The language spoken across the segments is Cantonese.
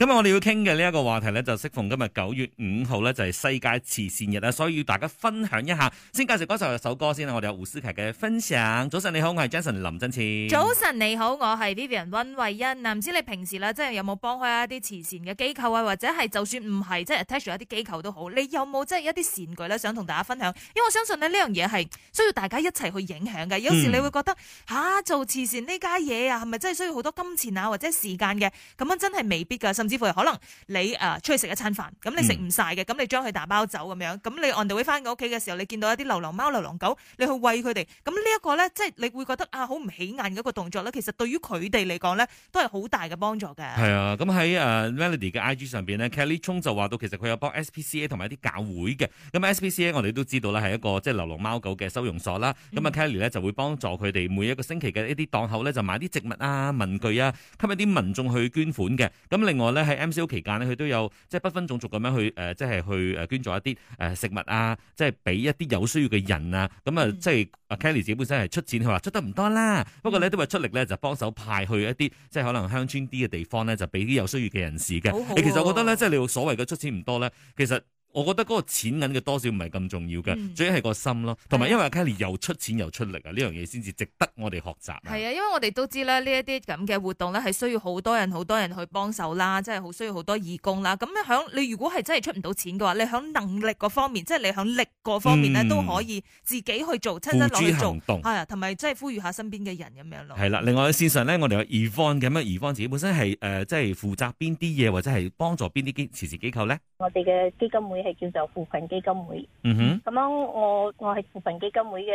今日我哋要傾嘅呢一個話題咧，就適逢今日九月五號呢，就係、就是、世界慈善日啊，所以要大家分享一下。先介紹嗰首首歌先。我哋有胡思琪嘅分享。早晨你好，我係 Jason 林振超。早晨你好，我係 Vivian 溫慧欣。唔知你平時咧，真係有冇幫開一啲慈善嘅機構啊，或者係就算唔係，即係 touch 到一啲機構都好，你有冇即係一啲善舉咧，想同大家分享？因為我相信呢這樣嘢係需要大家一齊去影響嘅。有時你會覺得吓、嗯啊、做慈善呢家嘢啊，係咪真係需要好多金錢啊，或者時間嘅？咁樣真係未必噶，可能你誒出去食一餐飯，咁你食唔晒嘅，咁、嗯、你將佢打包走咁樣，咁你 on the way 翻個屋企嘅時候，你見到一啲流浪貓、流浪狗，你去餵佢哋，咁呢一個咧，即係你會覺得啊，好唔起眼嗰個動作咧，其實對於佢哋嚟講咧，都係好大嘅幫助嘅、嗯。係、嗯、啊，咁喺誒 Melody 嘅 IG 上邊咧，Kelly 聰就話到，其實佢有幫 SPCA 同埋一啲教會嘅。咁 SPCA 我哋都知道咧，係一個即係、就是、流浪貓狗嘅收容所啦。咁啊 Kelly 咧就會幫助佢哋每一個星期嘅一啲檔口咧，就買啲植物啊、文具啊，吸引啲民眾去捐款嘅。咁另外呢喺 MCO 期間咧，佢都有即係不分種族咁樣去誒，即係去誒捐助一啲誒食物啊，即係俾一啲有需要嘅人啊，咁、嗯、啊，即係 Kelly 自己本身係出錢，佢話出得唔多啦、嗯，不過咧都話出力咧就幫手派去一啲即係可能鄉村啲嘅地方咧，就俾啲有需要嘅人士嘅、啊。其實我覺得咧，即係你所謂嘅出錢唔多咧，其實。我覺得嗰個錢銀嘅多少唔係咁重要嘅、嗯，最緊係個心咯。同埋因為阿 Kelly 又出錢又出力啊，呢、嗯、樣嘢，先至值得我哋學習。係啊，因為我哋都知咧，呢一啲咁嘅活動咧係需要好多人好多人去幫手啦，即係好需要好多義工啦。咁咧響你如果係真係出唔到錢嘅話，你響能力個方面，即、就、係、是、你響力個方面咧、嗯、都可以自己去做，親身攞嚟做，係啊，同埋即係呼籲下身邊嘅人咁樣咯。係啦、啊，另外喺線上咧，我哋有義方嘅咁樣，義方自己本身係誒即係負責邊啲嘢或者係幫助邊啲基慈善機構咧。我哋嘅基金會。你係叫做扶貧基金會，咁、嗯、樣我我係扶貧基金會嘅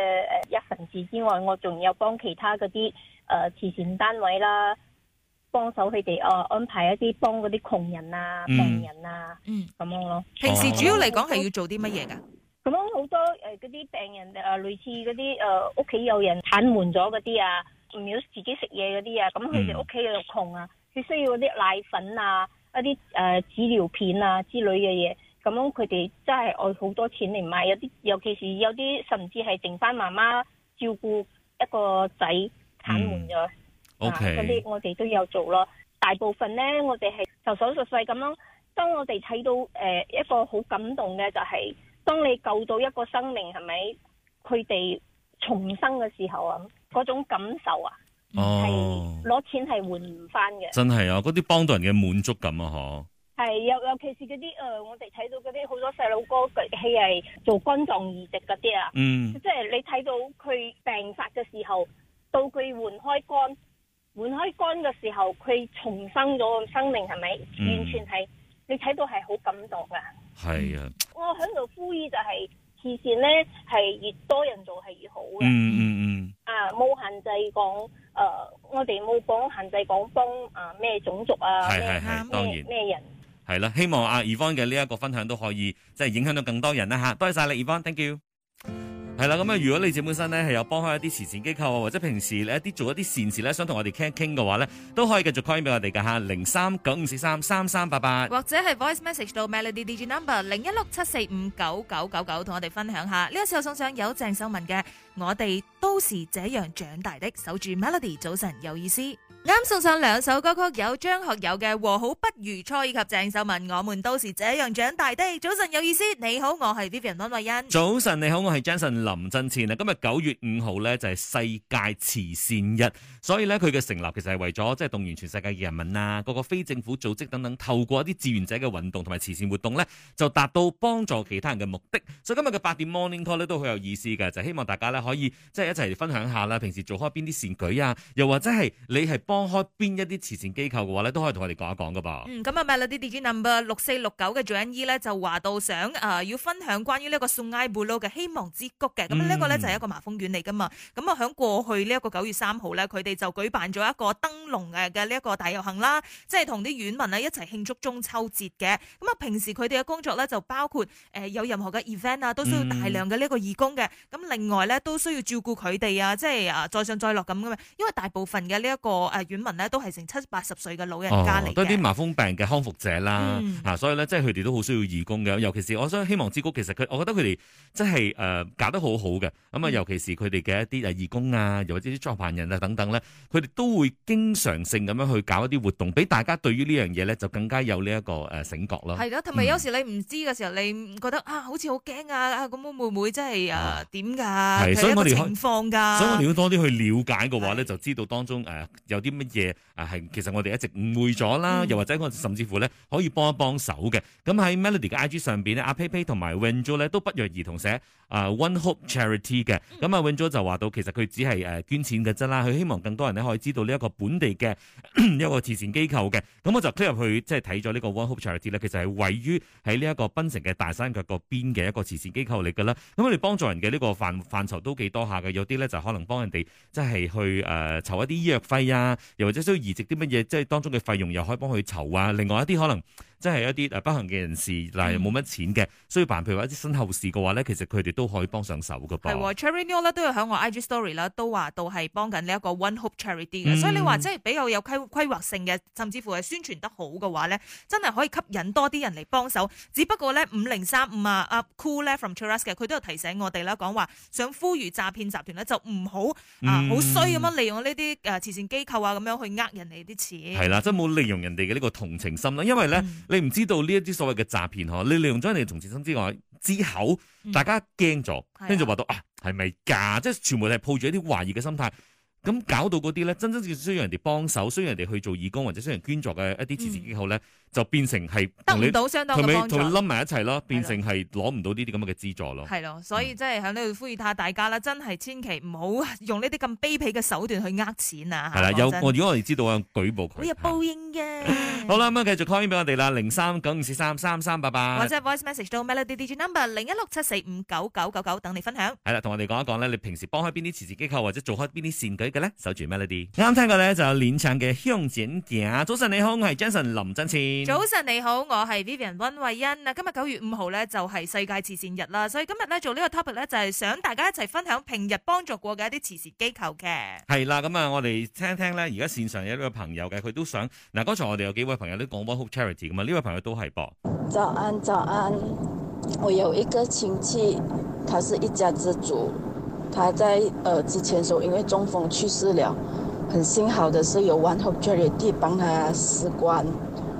誒一份子之外，我仲有幫其他嗰啲誒慈善單位啦，幫手佢哋哦安排一啲幫嗰啲窮人啊、病、嗯、人啊，咁、嗯、樣咯。平時主要嚟講係要做啲乜嘢噶？咁樣好多誒嗰啲病人誒、呃，類似嗰啲誒屋企有人癱瘓咗嗰啲啊，唔要自己食嘢嗰啲啊，咁佢哋屋企又窮啊，佢需要啲奶粉啊，一啲誒紙尿片啊之類嘅嘢。咁樣佢哋真係愛好多錢嚟買，有啲尤其是有啲甚至係剩翻媽媽照顧一個仔癱瘓咗，嗰、嗯、啲、okay、我哋都有做咯。大部分呢，我哋係就手術費咁咯。當我哋睇到，誒一個好感動嘅就係、是、當你救到一個生命係咪，佢哋重生嘅時候啊，嗰種感受、哦、啊，係攞錢係換唔翻嘅。真係啊，嗰啲幫到人嘅滿足感啊，嗬！係，尤尤其是嗰啲誒，我哋睇到嗰啲好多細佬哥佢係做肝臟移植嗰啲啊，嗯，即係你睇到佢病發嘅時候，到佢換開肝，換開肝嘅時候佢重生咗個生命係咪、嗯？完全係你睇到係好感動噶。係啊，我響度呼籲就係慈善咧，係越多人做係越好嘅。嗯嗯，嗯啊，冇限制講誒、呃，我哋冇講限制講方啊咩種族啊，係係係，當然咩人。係啦，希望阿 Yvonne 嘅呢一個分享都可以，即係影響到更多人啦吓！多謝晒你 Yvonne，thank you。係、嗯、啦，咁啊，如果你自己本身咧係有幫開一啲慈善機構啊，或者平時你一啲做一啲善事咧，想同我哋傾一傾嘅話咧，都可以繼續 call 俾我哋噶吓，零三九五四三三三八八，或者係 voice message 到 Melody D G number 零一六七四五九九九九，同我哋分享一下。呢一次我送上有鄭秀文嘅《我哋都是這樣長大的》，守住 Melody 早晨有意思。啱送上兩首歌曲，有張學友嘅《和好不如初》，以及鄭秀文《我們都是這樣長大的》。早晨有意思，你好，我係 Vivian 溫慧欣。早晨你好，我係 Jensen 林振前。啊，今日九月五號呢，就係、是、世界慈善日，所以呢，佢嘅成立其實係為咗即係動員全世界嘅人民啊，各個非政府組織等等，透過一啲志願者嘅運動同埋慈善活動呢，就達到幫助其他人嘅目的。所以今日嘅八點 Morning Call 呢，都好有意思嘅，就是、希望大家呢，可以即係、就是、一齊分享下啦，平時做開邊啲善舉啊，又或者係你係幫。幫開邊一啲慈善機構嘅話咧，都可以同我哋講一講噶噃。嗯，咁啊、no.，咪啦啲讀者 number 六四六九嘅 Johny 咧就話到想啊、呃、要分享關於呢一個 Sungai Buloh 嘅希望之谷嘅。咁、嗯、呢個咧就係、是、一個麻風院嚟噶嘛。咁啊響過去呢一個九月三號咧，佢哋就舉辦咗一個燈籠嘅嘅呢一個大遊行啦，即係同啲院民啊一齊慶祝中秋節嘅。咁啊平時佢哋嘅工作咧就包括誒、呃、有任何嘅 event 啊，都需要大量嘅呢個義工嘅。咁、嗯、另外咧都需要照顧佢哋啊，即係啊再上再落咁噶嘛。因為大部分嘅呢一個誒。呃院民咧都係成七八十歲嘅老人家嚟，多、哦、啲麻風病嘅康復者啦，嗯、啊，所以咧即係佢哋都好需要義工嘅。尤其是我想希望之谷，其實佢，我覺得佢哋即係誒搞得好好嘅。咁、嗯、啊，尤其是佢哋嘅一啲誒義工啊，又或者啲作辦人啊等等咧，佢哋都會經常性咁樣去搞一啲活動，俾大家對於呢樣嘢咧就更加有呢一個誒醒覺咯。係咯，同埋有時你唔知嘅時候、嗯，你覺得啊，好似好驚啊，咁會唔會即係誒點㗎？所以我哋情況㗎。所以我哋要多啲去了解嘅話咧，就知道當中誒、呃、有啲。乜嘢啊？係其實我哋一直誤會咗啦，又或者我甚至乎咧可以幫一幫手嘅。咁喺 Melody 嘅 IG 上邊咧，阿 Pay Pay 同埋 Wendy 咧都不約而同寫啊 One Hope Charity 嘅。咁啊 Wendy 就話到，其實佢只係誒捐錢嘅啫啦。佢希望更多人咧可以知道呢一個本地嘅 一個慈善機構嘅。咁我就 click 入去即係睇咗呢個 One Hope Charity 咧，其實係位於喺呢一個檳城嘅大山腳嗰邊嘅一個慈善機構嚟噶啦。咁我哋幫助人嘅呢個範範疇都幾多下嘅，有啲咧就是、可能幫人哋即係去誒籌、呃、一啲醫藥費啊。又或者需要移植啲乜嘢，即係當中嘅費用，又可以幫佢籌啊。另外一啲可能。即係一啲誒不幸嘅人士，嗱又冇乜錢嘅、嗯，所以，辦譬如話一啲身後事嘅話咧，其實佢哋都可以幫上手嘅噃。係 Charity New 啦，都有喺我 IG Story 啦，都話到係幫緊呢一個 One Hope Charity 嘅、嗯。所以你話即係比較有規規劃性嘅，甚至乎係宣傳得好嘅話咧，真係可以吸引多啲人嚟幫手。只不過咧，五零三五啊，阿 Cool 咧 from t h r a s 嘅，佢都有提醒我哋啦，講話想呼籲詐騙集團咧就唔好、嗯、啊，好衰咁樣利用呢啲誒慈善機構啊咁樣去呃人哋啲錢。係啦，即冇利用人哋嘅呢個同情心啦，因為咧。嗯你唔知道呢一啲所謂嘅詐騙呵，你利用咗人哋嘅同情心之外之後，大家驚咗，跟住話到啊，係咪假？即係全部係抱住一啲懷疑嘅心態，咁搞到嗰啲咧，真真正正需要人哋幫手，需要人哋去做義工或者需要人捐助嘅一啲慈善機構咧。就變成係得唔到相當嘅幫助，同佢冧埋一齊咯，變成係攞唔到呢啲咁嘅資助咯。係咯，所以真係喺呢度呼籲下大家啦，真係千祈唔好用呢啲咁卑鄙嘅手段去呃錢啊！係啦，有我如果我哋知道啊，舉報佢。你有報應嘅。好啦，咁啊繼續 call in 俾我哋啦，零三九五四三三三八八，或者 voice message 到 Melody DJ number 零一六七四五九九九九等你分享。係啦，同我哋講一講咧，你平時幫開邊啲慈善機構或者做開邊啲善舉嘅咧，守住 Melody。啱聽過咧，就有連唱嘅香展影，早晨你好，我係 Jason 林振翅。早晨你好，我係 Vivian 溫慧欣啊。今日九月五號咧就係、是、世界慈善日啦，所以今日咧做呢個 topic 咧就係、是、想大家一齊分享平日幫助過嘅一啲慈善機構嘅係啦。咁啊，我哋聽聽咧，而家線上有呢位朋友嘅，佢都想嗱。剛、那、才、個、我哋有幾位朋友都講 One Hope Charity 㗎嘛，呢位朋友都係噃。早安，早安，我有一個親戚，他是一家之主，他在、呃、之前時候因為中風去世了，很幸好的是有 One Hope Charity 幫他施棺。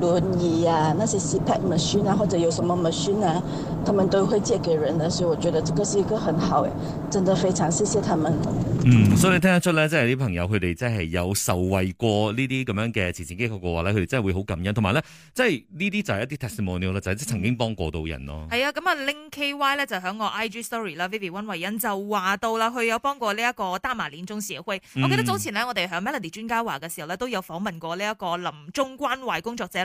輪椅啊，那些 CPC m 啊，或者有什麼 m a 啊，他們都會借給人的，所以我覺得這個是一個很好誒、欸，真的非常謝謝他們。嗯，所以你聽得出咧，即係啲朋友佢哋真係有受惠過呢啲咁樣嘅慈善機構嘅話咧，佢哋真係會好感恩，同埋咧，即係呢啲就係一啲 tax money 啦，就係曾經幫過到人咯。係啊，咁啊，Linky Y 咧就響個 IG story 啦 v i v i 溫慧欣就話到啦，佢有幫過呢一個丹麻鏈中社區、嗯。我記得早前呢，我哋響 Melody 專家話嘅時候咧，都有訪問過呢一個臨終關懷工作者。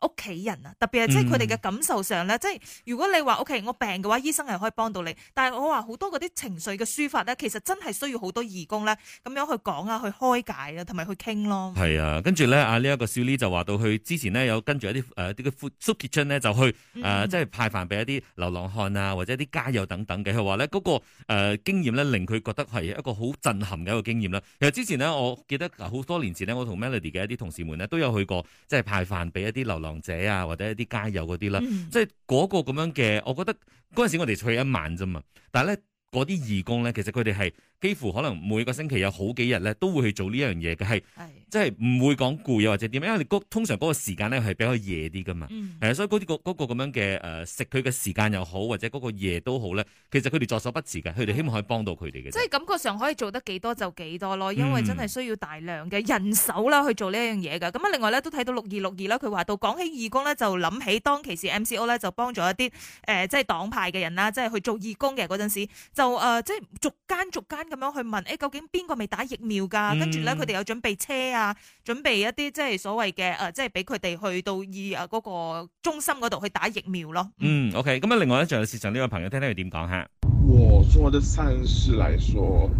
屋企人啊，特別係即係佢哋嘅感受上咧、嗯，即係如果你話 OK 我病嘅話，醫生係可以幫到你。但係我話好多嗰啲情緒嘅抒發咧，其實真係需要好多義工咧，咁樣去講啊，去開解去啊，同埋去傾咯。係啊，跟住咧啊呢一個小李就話到，佢之前咧有跟住一啲誒啲嘅 soup kitchen 咧，就去誒、呃、即係派飯俾一啲流浪漢啊，或者一啲家友等等嘅。佢話咧嗰個誒、呃、經驗咧，令佢覺得係一個好震撼嘅一個經驗啦。其實之前咧，我記得好多年前咧，我同 Melody 嘅一啲同事們咧都有去過即係派飯俾一啲流浪。王者啊，或者一啲街友嗰啲啦，即係嗰個咁樣嘅，我覺得嗰陣時我哋去一晚啫嘛，但係咧嗰啲義工咧，其實他們是，佢哋係。幾乎可能每個星期有好幾日咧，都會去做呢樣樣嘢嘅，係即係唔會講攰又或者點，因為通常嗰個時間咧係比較夜啲噶嘛，嗯，所以嗰、那、啲個嗰咁、那個、樣嘅、呃、食佢嘅時間又好，或者嗰個夜都好咧，其實佢哋在所不辭嘅，佢哋希望可以幫到佢哋嘅。即、嗯、係、就是、感覺上可以做得幾多就幾多咯，因為真係需要大量嘅人手啦去做呢樣嘢噶。咁、嗯、啊，另外咧都睇到六二六二啦，佢話到講起義工咧，就諗起當其時 MCO 咧就幫助一啲、呃、即係黨派嘅人啦，即係去做義工嘅嗰陣時，就、呃、即係逐間逐間。咁樣去問誒，究竟邊個未打疫苗噶、嗯？跟住咧，佢哋有準備車啊，準備一啲即係所謂嘅誒、啊，即係俾佢哋去到醫啊嗰、那個中心嗰度去打疫苗咯。嗯，OK，咁啊，另外咧就有接受呢位朋友聽聽佢點講吓。我做為的善事來說，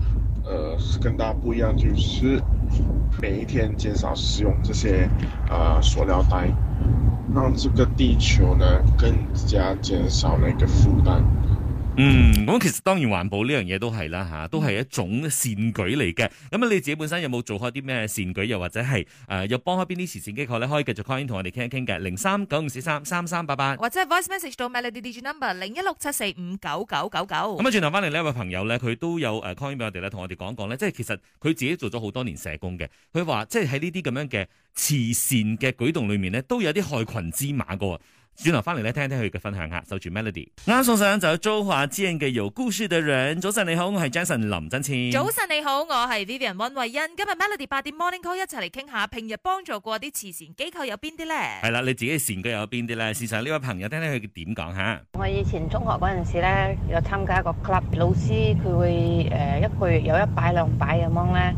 誒、呃，跟大家不一樣，就是每一天減少使用這些誒塑、呃、料袋，讓這個地球呢更加減少了一個負擔。嗯，咁其實當然環保呢樣嘢,都係啦，吓，都係一種善舉嚟嘅。咁啊，你自己本身有冇做開啲咩善舉，又或者係誒又幫開邊啲慈善機構咧？可以繼續 call in 同我哋傾一傾嘅，零三九五四三三三八八，或者 voice message 到 Melody Digital Number 零一六七四五九九九九。咁、嗯、啊，轉頭翻嚟呢一位朋友咧，佢都有誒 call in 俾我哋咧，同我哋講講咧，即係其實佢自己做咗好多年社工嘅，佢話即係喺呢啲咁樣嘅慈善嘅舉動裏面咧，都有啲害群之馬個。轉頭翻嚟咧，聽聽佢嘅分享下。守住 Melody，啱、啊、送上就有 Jo 華之嘅有故事嘅人。早晨你好，我係 Jason 林真千。早晨你好，我係 Vivian 温慧欣。今日 Melody 八點 Morning Call 一齊嚟傾下，平日幫助過啲慈善機構有邊啲咧？係啦，你自己善舉有邊啲咧？事實呢位朋友聽聽佢點講吓。我以前中學嗰陣時咧，有參加一個 club，老師佢會誒、呃、一個月有一百兩百咁樣咧。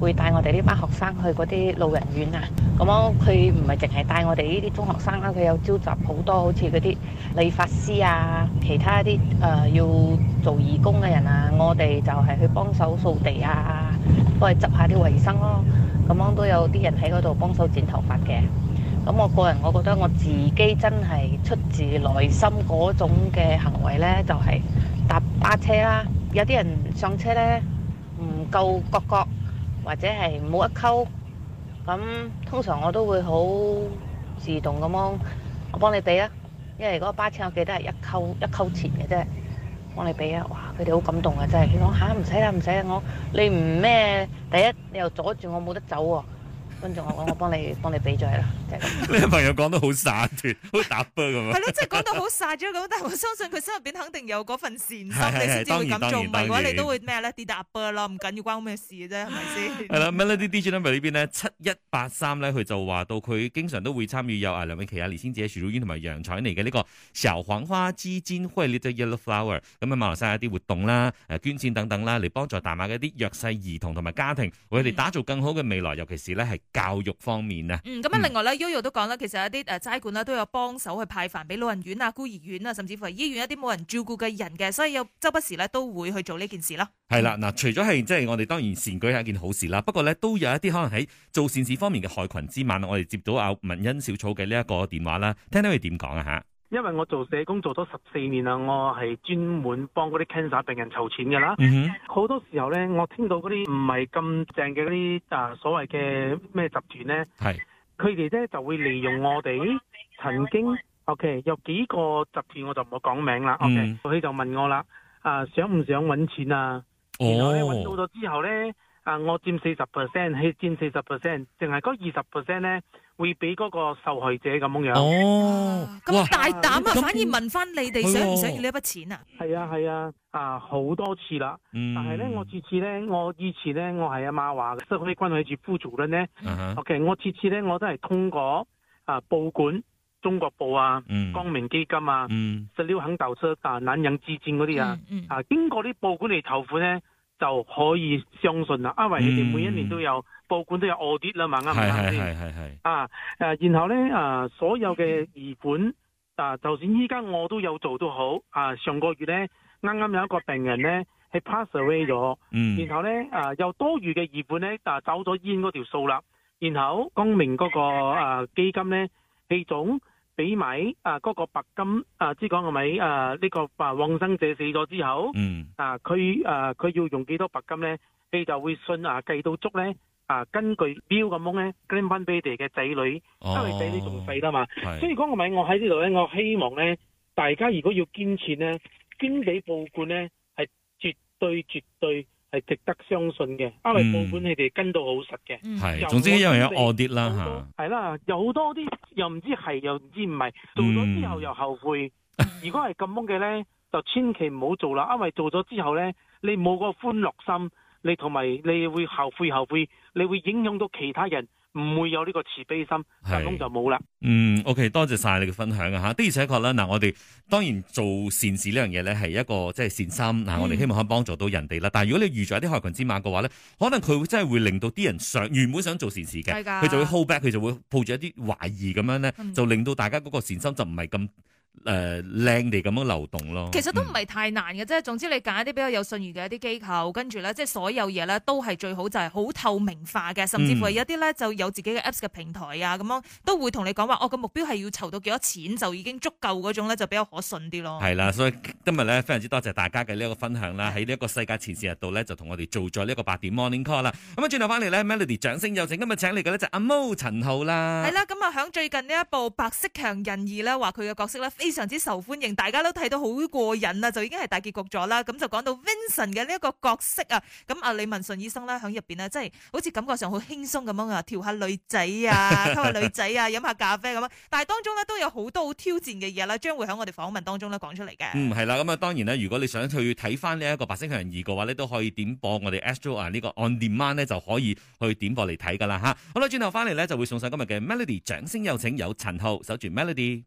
會帶我哋呢班學生去嗰啲老人院啊！咁樣佢唔係淨係帶我哋呢啲中學生啦，佢有召集好多好似嗰啲理髮師啊、其他啲誒、呃、要做義工嘅人啊。我哋就係去幫手掃地啊，幫佢執下啲衞生咯。咁樣都有啲人喺嗰度幫手剪頭髮嘅。咁我個人，我覺得我自己真係出自內心嗰種嘅行為呢，就係、是、搭巴車啦。有啲人上車呢，唔夠角角。或者係冇一扣，咁通常我都會好自動咁樣，我幫你俾啊，因為嗰個巴士我記得係一扣一扣錢嘅啫，我幫你俾啊，哇，佢哋好感動啊，真係，佢講吓唔使啦唔使啦，我你唔咩，第一你又阻住我冇得走喎，啊。觀眾，我我幫你幫 你俾咗啦，你朋友講得好灑脫，好似打波咁啊！係 咯，即係講到好灑咗咁，但係我相信佢心入邊肯定有嗰份善心，你先至會咁做，唔係嘅話你都會咩咧？跌打波唔緊要緊，關我咩事嘅啫，係咪先？係 啦對了，咁 d number 呢邊呢，七一八三咧，佢就話到佢經常都會參與，有梁詠琪、黎、啊、仙子、徐小同埋楊采妮嘅呢個小黃花之尖，即 Little Yellow Flower。咁啊，馬來西亞一啲活動啦，誒，捐錢等等啦，嚟幫助大馬嘅一啲弱勢兒童同埋家庭，為佢哋打造更好嘅未來，尤其是咧係。教育方面啊，嗯，咁啊，另外咧，悠悠都講啦，其實一啲誒齋館咧都有幫手去派飯俾老人院啊、孤兒院啊，甚至乎係醫院一啲冇人照顧嘅人嘅，所以有周不時咧都會去做呢件事咯。係啦，嗱，除咗係即係我哋當然善舉係一件好事啦，不過咧都有一啲可能喺做善事方面嘅害群之馬，我哋接到阿文欣小草嘅呢一個電話啦，聽聽佢點講啊吓。因為我做社工做咗十四年啦，我係專門幫嗰啲 cancer 病人籌錢嘅啦。好、mm -hmm. 多時候咧，我聽到嗰啲唔係咁正嘅嗰啲啊，所謂嘅咩集團咧，係佢哋咧就會利用我哋曾經、嗯、OK 有幾個集團，我就唔好講名啦。OK，佢、mm -hmm. 就問我啦，啊想唔想揾錢啊？Oh. 然後咧揾到咗之後咧。啊！我佔四十 percent，佢佔四十 percent，淨係嗰二十 percent 咧，會俾嗰個受害者咁樣，樣。哦，咁大膽啊，啊！反而問翻你哋想唔想要呢筆錢啊？係啊係啊，啊，啊好多次啦、嗯。但係咧，我次次咧，我以前咧，我係阿馬華嘅，所以軍去住輔助咧咧。嗯哼。O.K. 我次次咧，我都係通過啊報館、中國報啊、嗯、光明基金啊、實、嗯、料肯投資那些啊、男人智戰嗰啲啊，啊經過啲報館嚟籌款咧。就可以相信啦，因為你哋每一年都有報館都有 audit 啦嘛，啱唔啱先？啊，誒，然後咧，誒、啊，所有嘅疑款，啊，就算依家我都有做都好，啊，上個月咧，啱啱有一個病人咧係 pass away 咗，嗯，然後咧，誒、啊，有多餘嘅疑款咧，啊，走咗醫院嗰條數啦，然後公明嗰、那個誒、啊、基金咧，氣總。俾米啊，嗰、那個白金啊，即講係米，啊？呢、啊，這個旺、啊、生者死咗之後，嗯啊，佢佢、啊、要用幾多白金咧？你就會信啊，計到足咧啊，根據表咁樣咧，分翻俾你哋嘅仔女，哦、因為仔女仲細啊嘛。所以講個米我喺呢度咧，我希望咧，大家如果要捐錢咧，捐俾報館咧，係絕對絕對。絕對係值得相信嘅，因為報本你哋跟到好實嘅。係、嗯，總之因為有有惡啲啦嚇。係啦，有好多啲又唔知係又唔知唔係，嗯，做咗之後又後悔。 如果係咁樣嘅咧，就千祈唔好做啦，因為做咗之後咧，你冇個歡樂心，你同埋你會後悔後悔，你會影響到其他人。唔會有呢個慈悲心，咁就冇啦。嗯，OK，多謝晒你嘅分享啊！嚇，的而且確啦，嗱，我哋當然做善事呢樣嘢呢，係一個即係善心。嗱，我哋希望可以幫助到人哋啦、嗯。但係如果你遇著一啲害群之馬嘅話呢，可能佢真係會令到啲人想原本想做善事嘅，佢就會 hold back，佢就會抱住一啲懷疑咁樣呢，就令到大家嗰個善心就唔係咁。誒靚地咁樣流動咯，其實都唔係太難嘅啫、嗯。總之你揀一啲比較有信譽嘅一啲機構，跟住咧，即係所有嘢咧都係最好就係好透明化嘅，甚至乎有一啲咧就有自己嘅 Apps 嘅平台啊，咁、嗯、樣都會同你講話，我、哦、個目標係要籌到幾多錢就已經足夠嗰種咧就比較可信啲咯。係啦，所以今日咧非常之多謝大家嘅呢一個分享啦，喺呢一個世界慈善日度咧就同我哋做咗呢個個八點 Morning Call 啦。咁啊轉頭翻嚟咧，Melody 掌聲有請今日請嚟嘅咧就是、阿 Mo 陳浩啦。係啦，咁啊喺最近呢一部《白色強人二》咧話佢嘅角色咧。非常之受歡迎，大家都睇到好過癮啊！就已經係大結局咗啦。咁就講到 Vincent 嘅呢一個角色啊，咁阿李文順醫生咧喺入邊呢，真係好似感覺上好輕鬆咁樣啊，調下女仔啊，溝下女仔啊，飲 下咖啡咁。但係當中呢，都有好多好挑戰嘅嘢啦，將會喺我哋訪問當中咧講出嚟嘅。嗯，係啦。咁啊，當然咧，如果你想去睇翻呢一個《白色強人二》嘅話呢，都可以點播我哋 Astro 啊呢個 On Demand 咧就可以去點播嚟睇噶啦吓，好啦，轉頭翻嚟呢，就會送上今日嘅 Melody 掌聲，有請有陳浩守住 Melody。